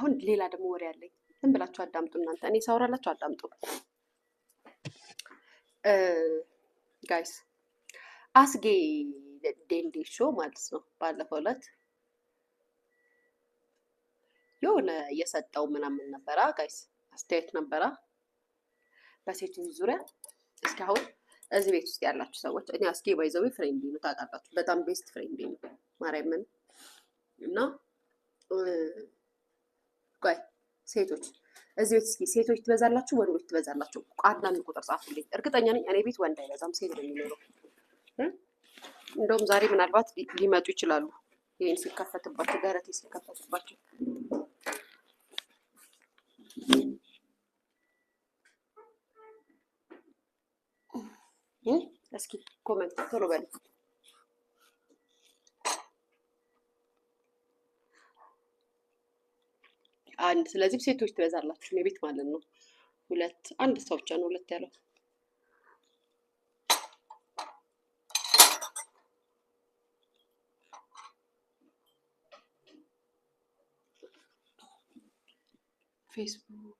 አሁን ሌላ ደግሞ ወሬ አለኝ። ዝም ብላችሁ አዳምጡ እናንተ፣ እኔ ሳውራላችሁ አዳምጡ ጋይስ። አስጌ ሾ ማለት ነው ባለፈው ዕለት የሆነ የሰጠው ምናምን ነበራ ጋይስ፣ አስተያየት ነበራ በሴቶች ዙሪያ። እስኪ አሁን እዚህ ቤት ውስጥ ያላችሁ ሰዎች እኔ አስጌ ባይዘዊ ፍሬንድ ነው ታውቃላችሁ፣ በጣም ቤስት ፍሬንድ ነው ማርያምን እና ቆይ ሴቶች እዚህ ቤት እስኪ ሴቶች ትበዛላችሁ ወንዶች ትበዛላችሁ? አንዳንድ ቁጥር ጻፉልኝ። እርግጠኛ ነኝ እኔ ቤት ወንድ አይበዛም፣ ሴት ነው የሚኖረው። እንደውም ዛሬ ምናልባት ሊመጡ ይችላሉ። ይህን ሲከፈትባቸው ገረቴ ሲከፈትባቸው እስኪ ኮመንት ቶሎ በሉ። አንድ። ስለዚህ ሴቶች ትበዛላችሁ የቤት ማለት ነው። ሁለት አንድ ሰው ብቻ ነው ሁለት ያለው። ፌስቡክ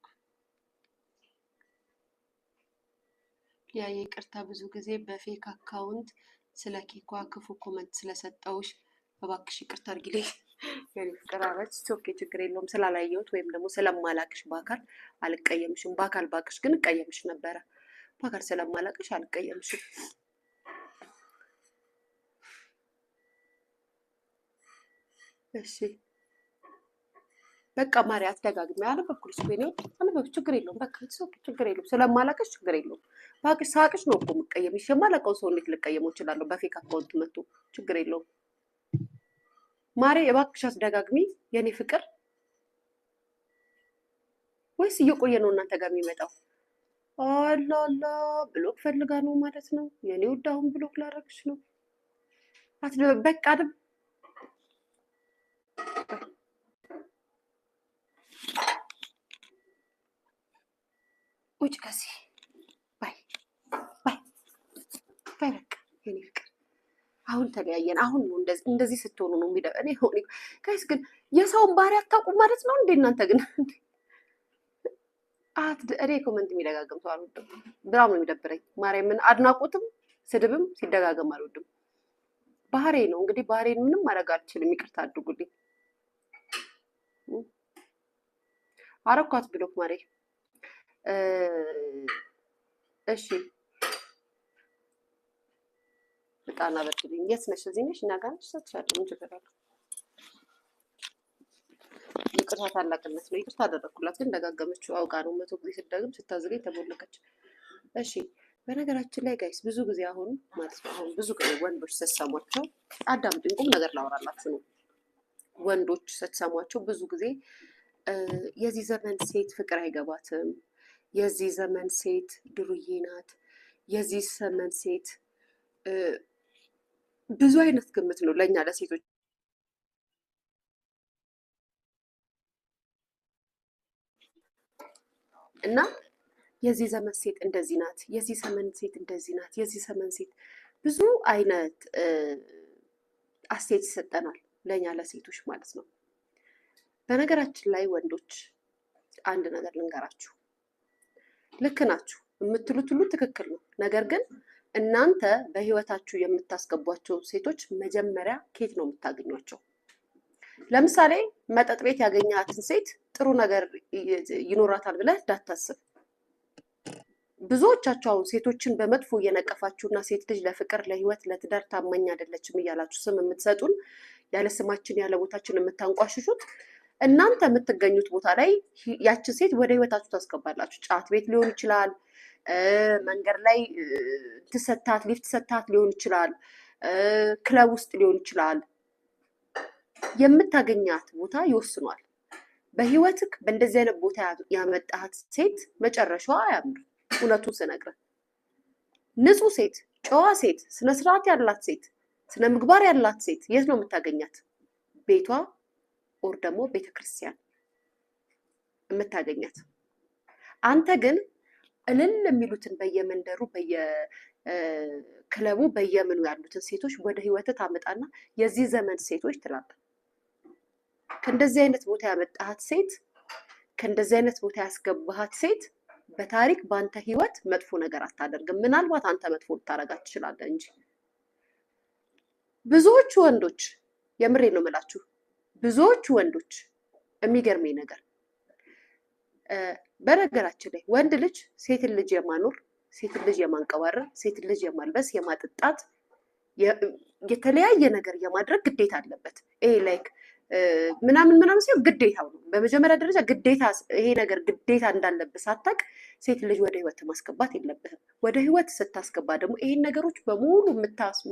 ያ ይቅርታ፣ ብዙ ጊዜ በፌክ አካውንት ስለ ኬኳ ክፉ ኮመንት ስለሰጠውሽ እባክሽ ይቅርታ አድርጊልኝ። የኔ ፍቅር ኧረ ኦኬ ችግር የለውም ስላላየሁት ወይም ደግሞ ስለማላቅሽ በአካል አልቀየምሽም። በአካል ባቅሽ ግን እቀየምሽ ነበረ። በአካል ስለማላቅሽ አልቀየምሽም። እሺ በቃ ማሪ አትደጋግሚ። አነበብኩልሽ እኮ እኔ ችግር የለውም በቃ ሰው ችግር የለውም ስለማላቀሽ ችግር የለውም። በአቅሽ ሳቅሽ ነው እኮ የምቀየምሽ። የማላውቀው ሰው እንዴት ልቀየመው እችላለሁ? በፌክ አካውንት መቶ ችግር የለውም። ማሬ የባክሽ አስደጋግሚ የኔ ፍቅር ወይስ እየቆየ ነው እናንተ ጋር የሚመጣው? አላላ ብሎክ ፈልጋ ነው ማለት ነው። የኔ ውድ አሁን ብሎክ ላረግሽ ነው። በቃ አይደል ውጭ ከዚህ ባይ ባይ ባይ በቃ የኔ ፍቅር አሁን ተለያየን፣ አሁን ነው እንደዚህ ስትሆኑ ነው የሚለው። እኔ ሆኔ ጋይስ ግን የሰውን ባህሪ አታውቁም ማለት ነው እንዴ እናንተ ግን አት እኔ ኮመንት የሚደጋገም ሰው አልወድም። በጣም ነው የሚደብረኝ። ማርያምን አድናቆትም ስድብም ሲደጋገም አልወድም። ባህሬ ነው እንግዲህ፣ ባህሬን ምንም ማድረግ አልችልም። ይቅርታ አድርጉልኝ። አረኳት ብሎክ ማሬ። እሺ እቃና በርድልኝ። የት ነሽ? እዚህ ነሽ? እና ጋር ነሽ? ሰጥሻለሁ። ምን ችግር አለው? ይቅርታ ታላቅነት ነው። ይቅርታ አደረግኩላት፣ ግን ደጋገመችው። አውቃ ነው። መቶ ጊዜ ስትደግም ስታዝገኝ ተቦለቀች። እሺ በነገራችን ላይ ጋይስ ብዙ ጊዜ አሁን ማለት ነው አሁን ብዙ ጊዜ ወንዶች ስትሰሟቸው አዳምጡኝ፣ ቁም ነገር ላወራላችሁ ነው። ወንዶች ስትሰሟቸው ብዙ ጊዜ የዚህ ዘመን ሴት ፍቅር አይገባትም፣ የዚህ ዘመን ሴት ድሩዬ ናት፣ የዚህ ዘመን ሴት ብዙ አይነት ግምት ነው ለእኛ ለሴቶች እና የዚህ ዘመን ሴት እንደዚህ ናት፣ የዚህ ዘመን ሴት እንደዚህ ናት፣ የዚህ ዘመን ሴት ብዙ አይነት አስተያየት ይሰጠናል ለእኛ ለሴቶች ማለት ነው። በነገራችን ላይ ወንዶች አንድ ነገር ልንገራችሁ፣ ልክ ናችሁ የምትሉት ሁሉ ትክክል ነው። ነገር ግን እናንተ በህይወታችሁ የምታስገቧቸው ሴቶች መጀመሪያ ኬት ነው የምታገኟቸው? ለምሳሌ መጠጥ ቤት ያገኛትን ሴት ጥሩ ነገር ይኖራታል ብለህ እንዳታስብ። ብዙዎቻችሁ አሁን ሴቶችን በመጥፎ እየነቀፋችሁ ሴት ልጅ ለፍቅር፣ ለህይወት፣ ለትዳር ታማኝ አይደለችም እያላችሁ ስም የምትሰጡን ያለ ስማችን ያለ ቦታችን የምታንቋሽሹት እናንተ የምትገኙት ቦታ ላይ ያችን ሴት ወደ ህይወታችሁ ታስገባላችሁ። ጫት ቤት ሊሆን ይችላል መንገድ ላይ ትሰታት ሊፍት ሰታት ሊሆን ይችላል፣ ክለብ ውስጥ ሊሆን ይችላል። የምታገኛት ቦታ ይወስኗል። በህይወትክ በእንደዚህ አይነት ቦታ ያመጣት ሴት መጨረሻዋ አያምር እውነቱን ስነግርህ ንጹህ ሴት፣ ጨዋ ሴት፣ ስነስርዓት ያላት ሴት፣ ስነ ምግባር ያላት ሴት የት ነው የምታገኛት? ቤቷ ኦር ደግሞ ቤተክርስቲያን የምታገኛት አንተ ግን እልል የሚሉትን በየመንደሩ በየክለቡ በየምኑ ያሉትን ሴቶች ወደ ህይወት ታመጣና የዚህ ዘመን ሴቶች ትላለ። ከእንደዚህ አይነት ቦታ ያመጣሃት ሴት ከእንደዚህ አይነት ቦታ ያስገባሃት ሴት በታሪክ በአንተ ህይወት መጥፎ ነገር አታደርግም። ምናልባት አንተ መጥፎ ልታረጋት ትችላለህ እንጂ ብዙዎቹ ወንዶች የምሬ ነው የምላችሁ፣ ብዙዎቹ ወንዶች የሚገርመኝ ነገር በነገራችን ላይ ወንድ ልጅ ሴትን ልጅ የማኖር ሴትን ልጅ የማንቀባረር ሴትን ልጅ የማልበስ የማጠጣት የተለያየ ነገር የማድረግ ግዴታ አለበት። ይሄ ላይክ ምናምን ምናምን ሲሆን ግዴታው ነው። በመጀመሪያ ደረጃ ግዴታ ይሄ ነገር ግዴታ እንዳለብህ ሳታቅ ሴት ልጅ ወደ ህይወት ማስገባት የለብህም። ወደ ህይወት ስታስገባ ደግሞ ይሄን ነገሮች በሙሉ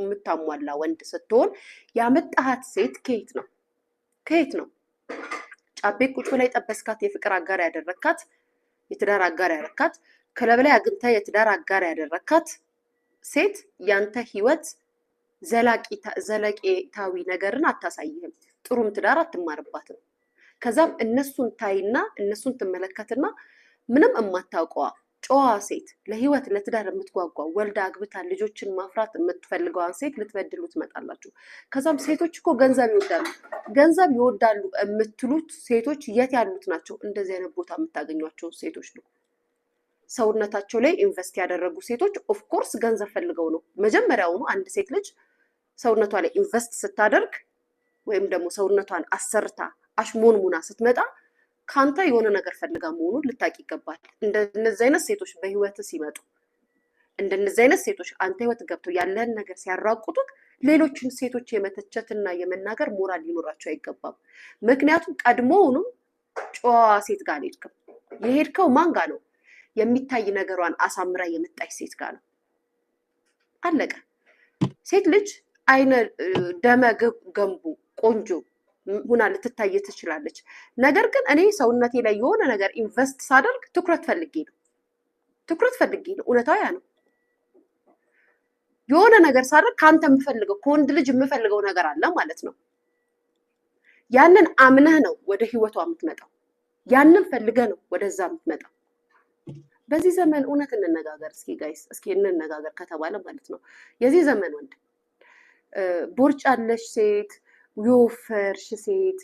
የምታሟላ ወንድ ስትሆን ያመጣሃት ሴት ከየት ነው ከየት ነው ጫቤ ቁጭ ላይ ጠበስካት የፍቅር አጋር ያደረካት፣ የትዳር አጋር ያደረካት፣ ክለብ ላይ አግኝታ የትዳር አጋር ያደረካት ሴት ያንተ ህይወት ዘለቄታዊ ነገርን አታሳይህም። ጥሩም ትዳር አትማርባትም። ከዛም እነሱን ታይና እነሱን ትመለከትና ምንም የማታውቀዋ ጨዋ ሴት ለህይወት ለትዳር የምትጓጓ ወልዳ አግብታ ልጆችን ማፍራት የምትፈልገዋን ሴት ልትበድሉ ትመጣላችሁ። ከዛም ሴቶች እኮ ገንዘብ ይወዳሉ ገንዘብ ይወዳሉ የምትሉት ሴቶች የት ያሉት ናቸው? እንደዚህ አይነት ቦታ የምታገኟቸው ሴቶች ነው። ሰውነታቸው ላይ ኢንቨስት ያደረጉ ሴቶች ኦፍኮርስ ገንዘብ ፈልገው ነው። መጀመሪያውኑ አንድ ሴት ልጅ ሰውነቷ ላይ ኢንቨስት ስታደርግ ወይም ደግሞ ሰውነቷን አሰርታ አሽሞንሙና ስትመጣ ከአንተ የሆነ ነገር ፈልጋ መሆኑን ልታቅ ይገባል። እንደነዚህ አይነት ሴቶች በህይወት ሲመጡ እንደነዚህ አይነት ሴቶች አንተ ህይወት ገብተው ያለህን ነገር ሲያራቁቱ ሌሎችን ሴቶች የመተቸትና የመናገር ሞራል ሊኖራቸው አይገባም። ምክንያቱም ቀድሞውኑም ጨዋ ሴት ጋር አልሄድክም። የሄድከው ማን ጋ ነው? የሚታይ ነገሯን አሳምራ የመጣች ሴት ጋር ነው። አለቀ። ሴት ልጅ አይነ ደመ ገንቡ ቆንጆ ሁና ልትታይ ትችላለች። ነገር ግን እኔ ሰውነቴ ላይ የሆነ ነገር ኢንቨስት ሳደርግ ትኩረት ፈልጌ ነው ትኩረት ፈልጌ ነው። እውነታው ያ ነው። የሆነ ነገር ሳደርግ ከአንተ የምፈልገው ከወንድ ልጅ የምፈልገው ነገር አለ ማለት ነው። ያንን አምነህ ነው ወደ ህይወቷ የምትመጣው። ያንን ፈልገህ ነው ወደዛ የምትመጣው። በዚህ ዘመን እውነት እንነጋገር እስኪ ጋይስ፣ እስኪ እንነጋገር ከተባለ ማለት ነው የዚህ ዘመን ወንድ ቦርጫለሽ ሴት የወፈርሽ ሴት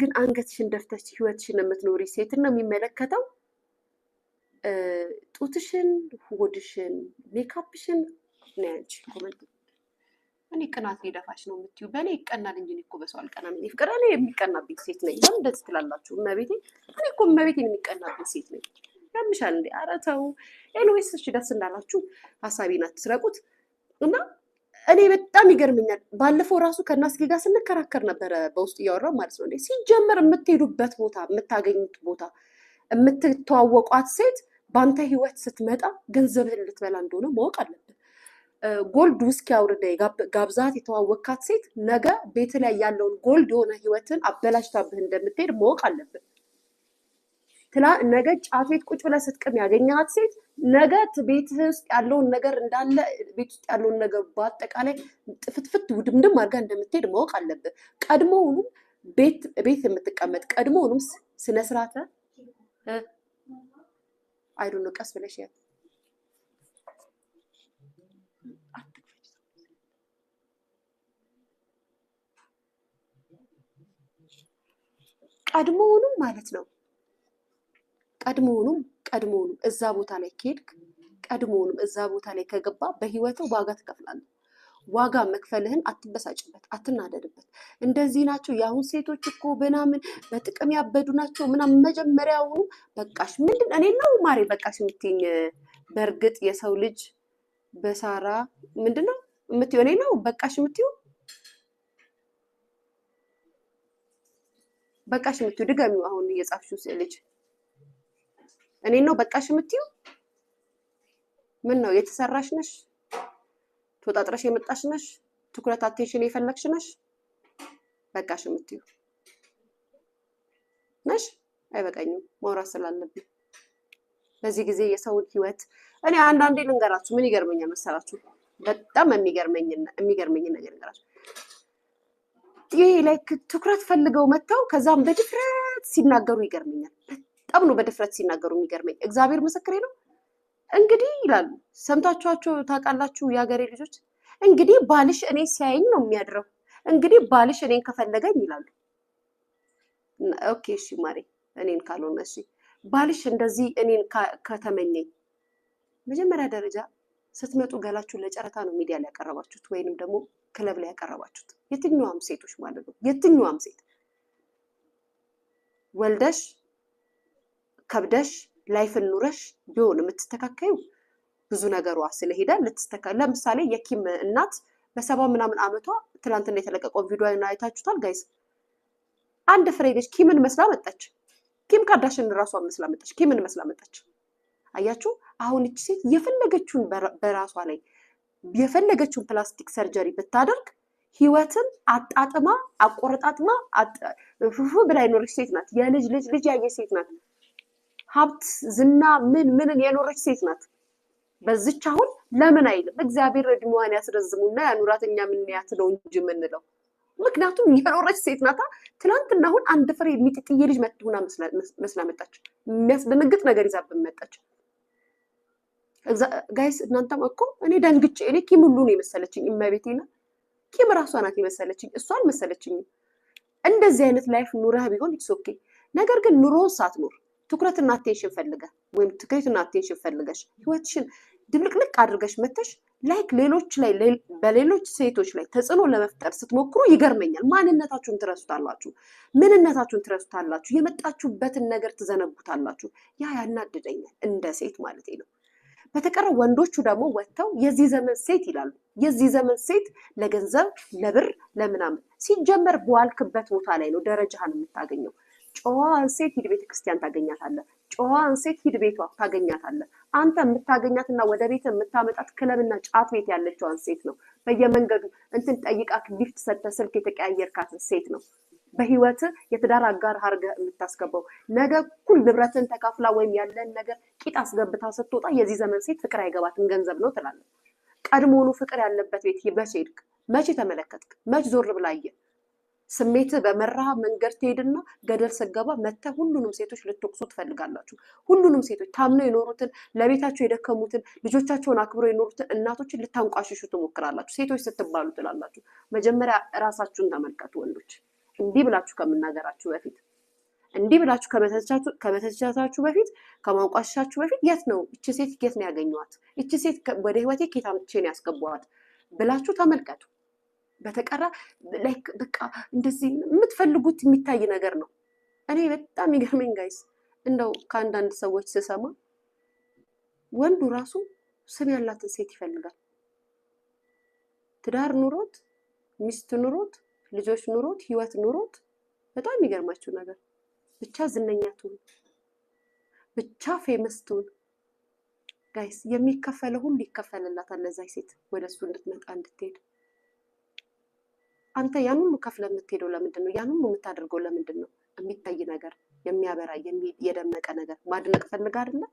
ግን አንገትሽን ደፍተሽ ህይወትሽን የምትኖሪ ሴትን ነው የሚመለከተው። ጡትሽን፣ ሆድሽን፣ ሜካፕሽን ነው ያንቺ ኮመንት። እኔ ቅናት ሊደፋሽ ነው የምትዩ በእኔ ይቀናል እንጂ እኔ እኮ በሰው አልቀናም። እኔ ፍቅር እኔ የሚቀናብኝ ሴት ነኝ። ለምን እንደዚህ ትላላችሁ? እመቤቴ እኔ እኮ እመቤቴን የሚቀናብኝ ሴት ነኝ። ያምሻል እንዴ? ኧረ ተው። እሺ፣ ደስ እንዳላችሁ ሀሳቤን አትስረቁት እና እኔ በጣም ይገርምኛል። ባለፈው ራሱ ከናስጌ ጋር ስንከራከር ነበረ በውስጥ እያወራው ማለት ነው። ሲጀመር የምትሄዱበት ቦታ፣ የምታገኙት ቦታ፣ የምትተዋወቋት ሴት በአንተ ህይወት ስትመጣ ገንዘብህን ልትበላ እንደሆነ ማወቅ አለብን። ጎልድ ውስኪ አውርደ ጋብዛት የተዋወቅካት ሴት ነገ ቤት ላይ ያለውን ጎልድ የሆነ ህይወትን አበላሽታብህ እንደምትሄድ ማወቅ አለብን። ትላ ነገ ጫፌት ቁጭ ብለህ ስትቅም ያገኘሃት ሴት ነገ ቤት ውስጥ ያለውን ነገር እንዳለ ቤት ውስጥ ያለውን ነገር በአጠቃላይ ጥፍትፍት ውድምድም አድርጋ እንደምትሄድ ማወቅ አለብህ። ቀድሞውኑም ቤት የምትቀመጥ ቀድሞውኑም ስነስርዓት አይዶ ነው። ቀስ ብለሽ ያ ቀድሞውኑም ማለት ነው ቀድሞውኑም ቀድሞውንም እዛ ቦታ ላይ ከሄድክ ቀድሞውንም እዛ ቦታ ላይ ከገባ በህይወትህ ዋጋ ትከፍላለህ። ዋጋ መክፈልህን አትበሳጭበት፣ አትናደድበት። እንደዚህ ናቸው የአሁን ሴቶች እኮ ምናምን በጥቅም ያበዱ ናቸው ምናምን። መጀመሪያውኑ በቃሽ ምንድን እኔ ነው ማሬ በቃሽ የምትይኝ? በእርግጥ የሰው ልጅ በሳራ ምንድን ነው የምትይው? እኔ ነው በቃሽ የምትይው? በቃሽ የምትይው? ድገሚው አሁን እየጻፍሽው ስልጅ እኔ ነው በቃሽ የምትዩ ምን ነው የተሰራሽ ነሽ? ተወጣጥረሽ የመጣሽ ነሽ? ትኩረት አቴንሽን የፈለግሽ ነሽ? በቃሽ የምትዩ ነሽ? አይበቃኝም ማውራት ስላለብኝ በዚህ ጊዜ የሰውን ህይወት እኔ አንዳንዴ ልንገራችሁ፣ ምን ይገርመኛል መሰላችሁ? በጣም የሚገርመኝ ነገር ልንገራችሁ። ይሄ ላይክ ትኩረት ፈልገው መጥተው ከዛም በድፍረት ሲናገሩ ይገርመኛል። በጣም ነው በድፍረት ሲናገሩ የሚገርመኝ። እግዚአብሔር ምስክሬ ነው። እንግዲህ ይላሉ ሰምታችኋቸው ታውቃላችሁ የሀገሬ ልጆች። እንግዲህ ባልሽ እኔ ሲያየኝ ነው የሚያድረው። እንግዲህ ባልሽ እኔን ከፈለገኝ ይላሉ። ኦኬ እሺ ማሬ፣ እኔን ካልሆነ እሺ ባልሽ እንደዚህ እኔን ከተመኘኝ መጀመሪያ ደረጃ ስትመጡ ገላችሁን ለጨረታ ነው ሚዲያ ላይ ያቀረባችሁት፣ ወይንም ደግሞ ክለብ ላይ ያቀረባችሁት። የትኛዋም ሴቶች ማለት ነው የትኛዋም ሴት ወልደሽ ከብደሽ ላይፍን ኑረሽ ቢሆን የምትስተካከዩ ብዙ ነገሯ ስለሄደ ልትስተካ ለምሳሌ የኪም እናት በሰባ ምናምን ዓመቷ ትላንትና የተለቀቀውን ቪዲዮ አይታችሁታል ጋይስ አንድ ፍሬ ልጅ ኪምን መስላ መጣች። ኪም ካርዳሽን ራሷን መስላ መጣች። ኪምን መስላ መጣች። አያችሁ፣ አሁን እቺ ሴት የፈለገችውን በራሷ ላይ የፈለገችውን ፕላስቲክ ሰርጀሪ ብታደርግ ህይወትን አጣጥማ አቆረጣጥማ ብላ የኖረች ሴት ናት። የልጅ ልጅ ልጅ ያየ ሴት ናት። ሀብት፣ ዝና፣ ምን ምንን የኖረች ሴት ናት። በዚች አሁን ለምን አይልም እግዚአብሔር እድሜዋን ያስረዝሙና ያኑራት እኛ ምንያት ነው እንጂ የምንለው ምክንያቱም የኖረች ሴት ናታ። ትናንትና አሁን አንድ ፍሬ የሚጥጥዬ ልጅ መትሁና መስላ መጣች። የሚያስደነግጥ ነገር ይዛብን መጣች። ጋይስ እናንተም እኮ እኔ ደንግጬ እኔ ኪም ሁሉ ነው የመሰለችኝ። እመቤቴ ና ኪም ራሷ ናት የመሰለችኝ። እሷ አልመሰለችኝም። እንደዚህ አይነት ላይፍ ኑረህ ቢሆን ኢትስ ኦኬ። ነገር ግን ኑሮውን ሳትኖር ትኩረትና አቴንሽን ፈልገ ወይም ትኩረትና አቴንሽን ፈልገሽ ህይወትሽን ድብልቅልቅ አድርገሽ መተሽ ላይክ ሌሎች ላይ በሌሎች ሴቶች ላይ ተጽዕኖ ለመፍጠር ስትሞክሩ ይገርመኛል። ማንነታችሁን ትረሱታላችሁ፣ ምንነታችሁን ትረሱታላችሁ፣ የመጣችሁበትን ነገር ትዘነጉታላችሁ። ያ ያናድደኛል እንደ ሴት ማለት ነው። በተቀረ ወንዶቹ ደግሞ ወጥተው የዚህ ዘመን ሴት ይላሉ። የዚህ ዘመን ሴት ለገንዘብ ለብር ለምናምን ሲጀመር በዋልክበት ቦታ ላይ ነው ደረጃህን የምታገኘው። ጨዋ ሴት ሂድ ቤተ ክርስቲያን ታገኛታለህ። ጨዋዋን ሴት ሂድ ቤቷ ታገኛታለህ። አንተ የምታገኛትና ወደ ቤት የምታመጣት ክለብና ጫት ቤት ያለችው ሴት ነው። በየመንገዱ እንትን ጠይቃ ጊፍት ሰጥተህ ስልክ የተቀያየርካት ሴት ነው። በህይወት የትዳር አጋር አድርገህ የምታስገባው ነገ እኩል ንብረትን ተካፍላ ወይም ያለን ነገር ቂጥ አስገብታ ስትወጣ የዚህ ዘመን ሴት ፍቅር አይገባትም ገንዘብ ነው ትላለህ። ቀድሞውኑ ፍቅር ያለበት ቤት መቼ ሄድክ? መቼ ተመለከትክ? መች ዞር ብላየ ስሜት በመራ መንገድ ትሄድና ገደል ስገባ መተ ሁሉንም ሴቶች ልትወቅሱ ትፈልጋላችሁ። ሁሉንም ሴቶች ታምነው የኖሩትን ለቤታቸው የደከሙትን ልጆቻቸውን አክብረው የኖሩትን እናቶችን ልታንቋሽሹ ትሞክራላችሁ። ሴቶች ስትባሉ ትላላችሁ። መጀመሪያ እራሳችሁን ተመልከቱ። ወንዶች እንዲህ ብላችሁ ከምናገራችሁ በፊት እንዲህ ብላችሁ ከመተቻታችሁ በፊት ከማንቋሸሻችሁ በፊት የት ነው እች ሴት የት ነው ያገኘዋት እች ሴት ወደ ህይወቴ ኬታችን ያስገቧት ብላችሁ ተመልከቱ። በተቀራ ላይክ በቃ እንደዚህ የምትፈልጉት የሚታይ ነገር ነው። እኔ በጣም ይገርመኝ ጋይስ፣ እንደው ከአንዳንድ ሰዎች ስሰማ ወንዱ ራሱ ስም ያላትን ሴት ይፈልጋል። ትዳር ኑሮት፣ ሚስት ኑሮት፣ ልጆች ኑሮት፣ ህይወት ኑሮት፣ በጣም የሚገርማችሁ ነገር ብቻ ዝነኛ ትሁን፣ ብቻ ፌመስ ትሁን። ጋይስ የሚከፈለው ሁሉ ይከፈልላታል ለዛች ሴት ወደሱ እንድትመጣ እንድትሄድ አንተ ያን ሁሉ የምትሄደው ለምንድን ነው? ያን ሁሉ የምታደርገው ለምንድን ነው? የሚታይ ነገር፣ የሚያበራ የደመቀ ነገር ማድነቅ ፈልጋ አይደለም።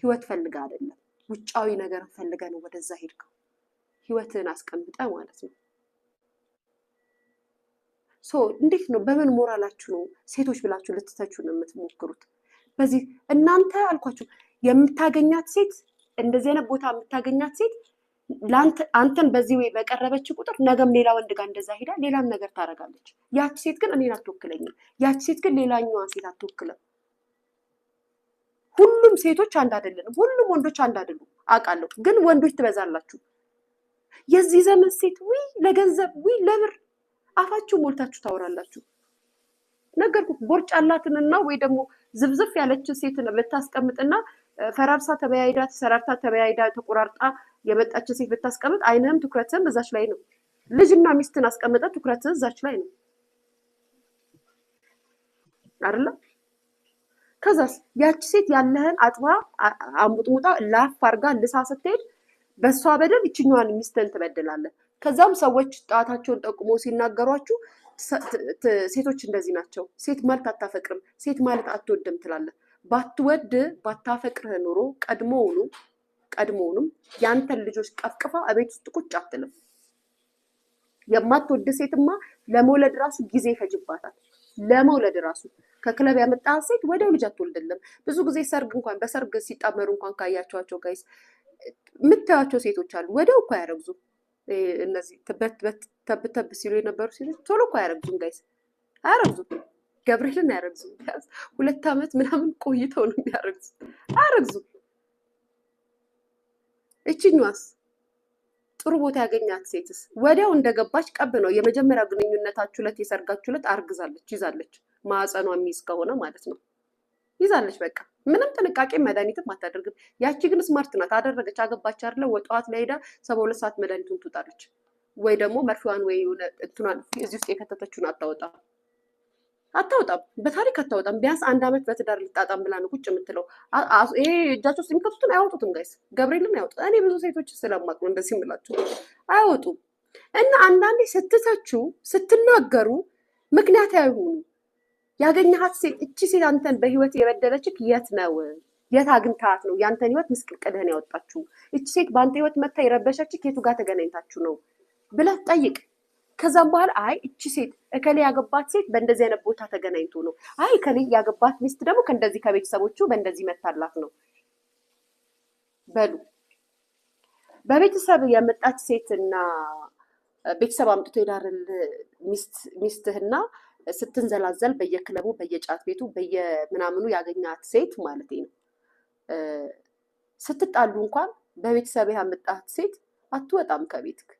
ህይወት ፈልጋ አይደለም። ውጫዊ ነገር ፈልገ ነው ወደዛ ሄድከው። ህይወትን አስቀምጠ ማለት ነው። ሶ እንዴት ነው? በምን ሞራላችሁ ነው ሴቶች ብላችሁ ልትተቹ ነው የምትሞክሩት? በዚህ እናንተ አልኳችሁ የምታገኛት ሴት እንደዚህ አይነት ቦታ የምታገኛት ሴት አንተን በዚህ ወይ በቀረበች ቁጥር ነገም ሌላ ወንድ ጋር እንደዛ ሄዳ ሌላም ነገር ታደርጋለች። ያቺ ሴት ግን እኔን አትወክለኝም። ያቺ ሴት ግን ሌላኛዋን ሴት አትወክለም። ሁሉም ሴቶች አንድ አይደለንም። ሁሉም ወንዶች አንድ አይደሉም አውቃለሁ። ግን ወንዶች ትበዛላችሁ። የዚህ ዘመን ሴት ውይ ለገንዘብ ውይ ለብር አፋችሁ ሞልታችሁ ታወራላችሁ። ነገርኩ ቦርጭ ያላትንና ወይ ደግሞ ዝብዝፍ ያለችን ሴት ብታስቀምጥና ፈራርሳ ተበያይዳ ተሰራርታ ተበያይዳ ተቆራርጣ የመጣችን ሴት ብታስቀምጥ አይንህም ትኩረትህም እዛች ላይ ነው። ልጅና ሚስትን አስቀምጠ ትኩረትህ እዛች ላይ ነው አይደለ? ከዛስ ያቺ ሴት ያለህን አጥባ አሙጥሙጣ ላፍ አርጋ ልሳ ስትሄድ በእሷ በደል ይችኛዋን ሚስትን ትበድላለህ። ከዛም ሰዎች ጣታቸውን ጠቁሞ ሲናገሯችሁ ሴቶች እንደዚህ ናቸው፣ ሴት ማለት አታፈቅርም፣ ሴት ማለት አትወድም ትላለህ። ባትወድ ባታፈቅርህ ኑሮ ቀድሞውኑ ቀድሞውንም ያንተን ልጆች ቀፍቅፋ እቤት ውስጥ ቁጭ አትልም። የማትወድ ሴትማ ለመውለድ ራሱ ጊዜ ይፈጅባታል። ለመውለድ ራሱ ከክለብ ያመጣ ሴት ወዲያው ልጅ አትወልድልም። ብዙ ጊዜ ሰርግ እንኳን በሰርግ ሲጣመሩ እንኳን ካያቸዋቸው ጋይስ የምታያቸው ሴቶች አሉ። ወዲያው እኮ አያረግዙም። እነዚህ ተብ ተብ ሲሉ የነበሩ ሴቶች ቶሎ እኮ አያረግዙም ጋይስ፣ አያረግዙም። ገብርኤልን አያረግዙም። ሁለት ዓመት ምናምን ቆይተው ነው የሚያረግዙት። አያረግዙም። እችኛዋስ ጥሩ ቦታ ያገኛት ሴትስ ወዲያው እንደገባች ቀብ ነው የመጀመሪያ ግንኙነታችሁ ዕለት የሰርጋችሁ ዕለት አርግዛለች ይዛለች ማዕፀኗ የሚይዝ ከሆነ ማለት ነው ይዛለች በቃ ምንም ጥንቃቄ መድኃኒትም አታደርግም ያቺ ግን ስማርት ናት አደረገች አገባች አለ ወጠዋት ላይ ሄዳ ሰባ ሁለት ሰዓት መድኃኒቱን ትውጣለች ወይ ደግሞ መርፌዋን ወይ የሆነ እንትኗን እዚህ ውስጥ የከተተችውን አታወጣም አታወጣም፣ በታሪክ አታወጣም። ቢያንስ አንድ ዓመት በትዳር ልጣጣም ብላ ነው ቁጭ የምትለው። ይሄ እጃቸው ውስጥ የሚከቱትን አያወጡትም። ጋይስ ገብርኤልን አይወጡ። እኔ ብዙ ሴቶች ስለማቅ ነው እንደዚህ የምላቸው። አያወጡም። እና አንዳንዴ ስትተቹ፣ ስትናገሩ ምክንያት አይሆኑ ያገኘሃት ሴት እቺ ሴት አንተን በህይወት የበደለችክ የት ነው የት አግኝታት ነው ያንተን ህይወት ምስቅልቅልህን ያወጣችሁ? እቺ ሴት በአንተ ህይወት መታ የረበሸችክ የቱ ጋር ተገናኝታችሁ ነው ብለህ ጠይቅ። ከዛም በኋላ አይ እቺ ሴት እከሌ ያገባት ሴት በእንደዚህ አይነት ቦታ ተገናኝቶ ነው፣ አይ እከሌ ያገባት ሚስት ደግሞ ከእንደዚህ ከቤተሰቦቹ በእንደዚህ መታላት ነው። በሉ በቤተሰብ የመጣች ሴትና ቤተሰብ አምጥቶ የዳርል ሚስትህና ስትንዘላዘል በየክለቡ በየጫት ቤቱ በየምናምኑ ያገኛት ሴት ማለት ነው። ስትጣሉ እንኳን በቤተሰብ ያመጣት ሴት አትወጣም፣ ከቤትክ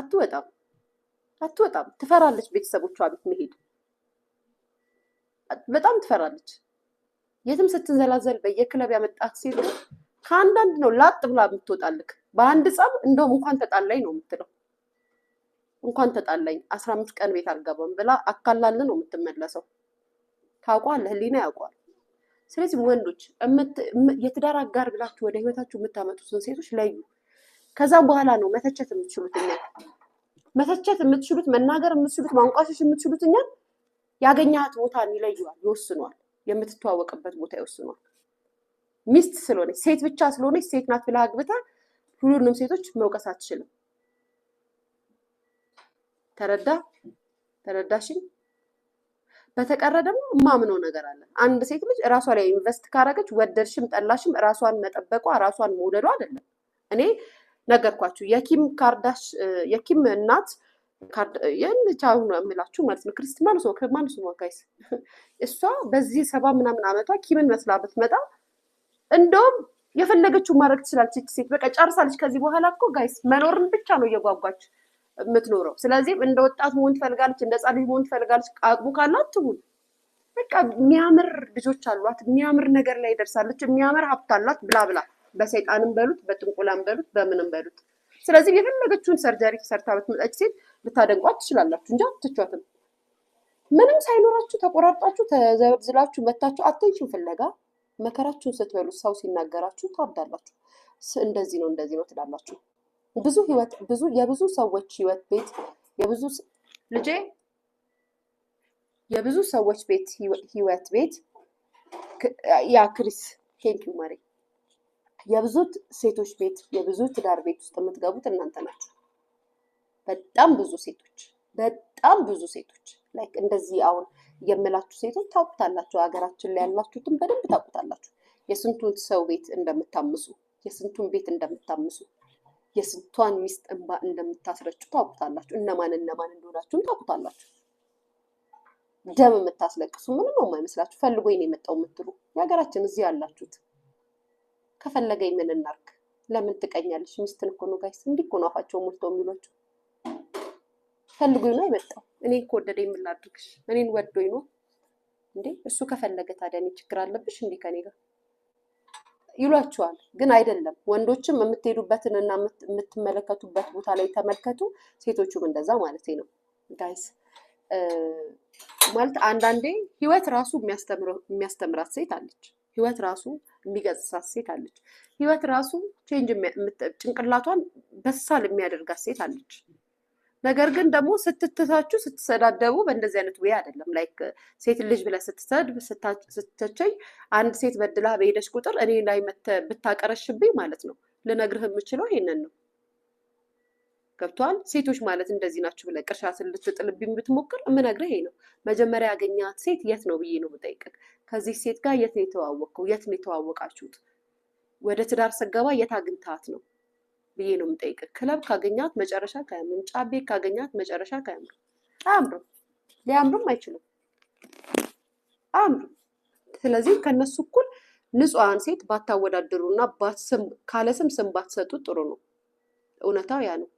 አትወጣም። አትወጣም። ትፈራለች። ቤተሰቦቿ ቤት መሄድ በጣም ትፈራለች። የትም ስትንዘላዘል በየክለብ ያመጣት ሴት ከአንዳንድ ነው ላጥ ብላ የምትወጣልክ። በአንድ ጸብ እንደውም እንኳን ተጣላኝ ነው የምትለው። እንኳን ተጣላኝ አስራ አምስት ቀን ቤት አልገባም ብላ አካላል ነው የምትመለሰው። ታውቋለህ፣ ህሊና ያውቋል። ስለዚህ ወንዶች የትዳር አጋር ብላችሁ ወደ ህይወታችሁ የምታመጡትን ሴቶች ለዩ። ከዛ በኋላ ነው መተቸት የምትችሉት። መተቸት የምትችሉት መናገር የምትችሉት ማንቋሸሽ የምትችሉት እኛን ያገኛት ቦታን ይለየዋል፣ ይወስኗል። የምትተዋወቅበት ቦታ ይወስኗል። ሚስት ስለሆነች ሴት ብቻ ስለሆነች ሴት ናት ብለህ አግብታ ሁሉንም ሴቶች መውቀስ አትችልም። ተረዳ ተረዳሽኝ። በተቀረ ደግሞ ማምነው ነገር አለ። አንድ ሴት ልጅ እራሷ ላይ ኢንቨስት ካረገች ወደድሽም ጠላሽም እራሷን መጠበቋ እራሷን መውደዷ አይደለም እኔ ነገርኳችሁ። የኪም ካርዳሽ የኪም እናት የቻሁ ነው የሚላችሁ ማለት ነው። ክርስትና ነው ማንስ ነው ጋይስ? እሷ በዚህ ሰባ ምናምን አመቷ ኪምን መስላ ብትመጣ እንደውም የፈለገችው ማድረግ ትችላለች። ሴት በቃ ጨርሳለች። ከዚህ በኋላ እኮ ጋይስ መኖርን ብቻ ነው እየጓጓች የምትኖረው። ስለዚህም እንደ ወጣት መሆን ትፈልጋለች፣ እንደ ጻ ልጅ መሆን ትፈልጋለች። አቅሙ ካላት ትሁን። በቃ የሚያምር ልጆች አሏት፣ የሚያምር ነገር ላይ ደርሳለች፣ የሚያምር ሀብት አላት ብላ ብላ በሰይጣንም በሉት በጥንቁላም በሉት በምንም በሉት። ስለዚህ የፈለገችውን ሰርጀሪ ሰርታ ብትመጣች ሴት ልታደንቋት ትችላላችሁ እንጂ አትችዋትም። ምንም ሳይኖራችሁ ተቆራርጣችሁ ተዘብዝላችሁ መታችሁ አቴንሽን ፍለጋ መከራችሁን ስትበሉ ሰው ሲናገራችሁ ታብዳላችሁ። እንደዚህ ነው እንደዚህ ነው ትላላችሁ። ብዙ ህይወት ብዙ የብዙ ሰዎች ህይወት ቤት የብዙ ልጄ የብዙ ሰዎች ቤት ህይወት ቤት ያ ክሪስ ቴንኪው ማሬ የብዙ ሴቶች ቤት የብዙ ትዳር ቤት ውስጥ የምትገቡት እናንተ ናችሁ። በጣም ብዙ ሴቶች በጣም ብዙ ሴቶች ላይክ እንደዚህ አሁን የምላችሁ ሴቶች ታውቁታላችሁ፣ ሀገራችን ላይ ያላችሁትን በደንብ ታውቁታላችሁ። የስንቱን ሰው ቤት እንደምታምሱ፣ የስንቱን ቤት እንደምታምሱ፣ የስንቷን ሚስት እንባ እንደምታስረጩ ታውቁታላችሁ። እነማን እነማን እንደሆናችሁም ታውቁታላችሁ። ደም የምታስለቅሱ ምንም ነው የማይመስላችሁ ፈልጎ ነው የመጣው የምትሉ የሀገራችን እዚህ ያላችሁት ከፈለገኝ ምን እናርግ? ለምን ትቀኛለች? ሚስትን እኮ ነው ጋይስ፣ እንዲህ እኮ ነው አፋቸው ሞልቶ የሚሏቸው። ፈልጉኝ ነው እኔ እኔን ከወደደ የምላድርግሽ እኔን ወዶኝ ነው እንዴ? እሱ ከፈለገ ታዲያ እኔ ችግር አለብሽ እንዴ ከኔ ጋር ይሏቸዋል። ግን አይደለም። ወንዶችም የምትሄዱበትን እና የምትመለከቱበት ቦታ ላይ ተመልከቱ። ሴቶቹም እንደዛ ማለት ነው ጋይስ። ማለት አንዳንዴ ህይወት ራሱ የሚያስተምራት ሴት አለች። ህይወት ራሱ የሚገጽሳት ሴት አለች። ህይወት ራሱ ቼንጅ ጭንቅላቷን በሳል የሚያደርጋት ሴት አለች። ነገር ግን ደግሞ ስትትታችሁ ስትሰዳደቡ በእንደዚህ አይነት ወይ አይደለም። ላይክ ሴት ልጅ ብለ ስትሰድብ ስትተቸኝ፣ አንድ ሴት በድላ በሄደች ቁጥር እኔ ላይ ብታቀረሽብኝ ማለት ነው ልነግርህ የምችለው ይሄንን ነው። ገብቷል። ሴቶች ማለት እንደዚህ ናቸው ብለህ ቅርሻትን ልትጥልብኝ ብትሞክር የምነግርህ ይሄ ነው። መጀመሪያ ያገኛት ሴት የት ነው ብዬ ነው የምጠይቅህ። ከዚህ ሴት ጋር የት ነው የተዋወቅከው? የት ነው የተዋወቃችሁት? ወደ ትዳር ስገባ የት አግኝታት ነው ብዬ ነው የምጠይቅህ። ክለብ ካገኛት መጨረሻ ከያምርም፣ ጫቤ ካገኛት መጨረሻ ከያምርም፣ አያምርም፣ ሊያምርም አይችልም፣ አያምርም። ስለዚህ ከነሱ እኩል ንጹሐን ሴት ባታወዳድሩ እና ካለስም ስም ስም ባትሰጡ ጥሩ ነው። እውነታው ያ ነው።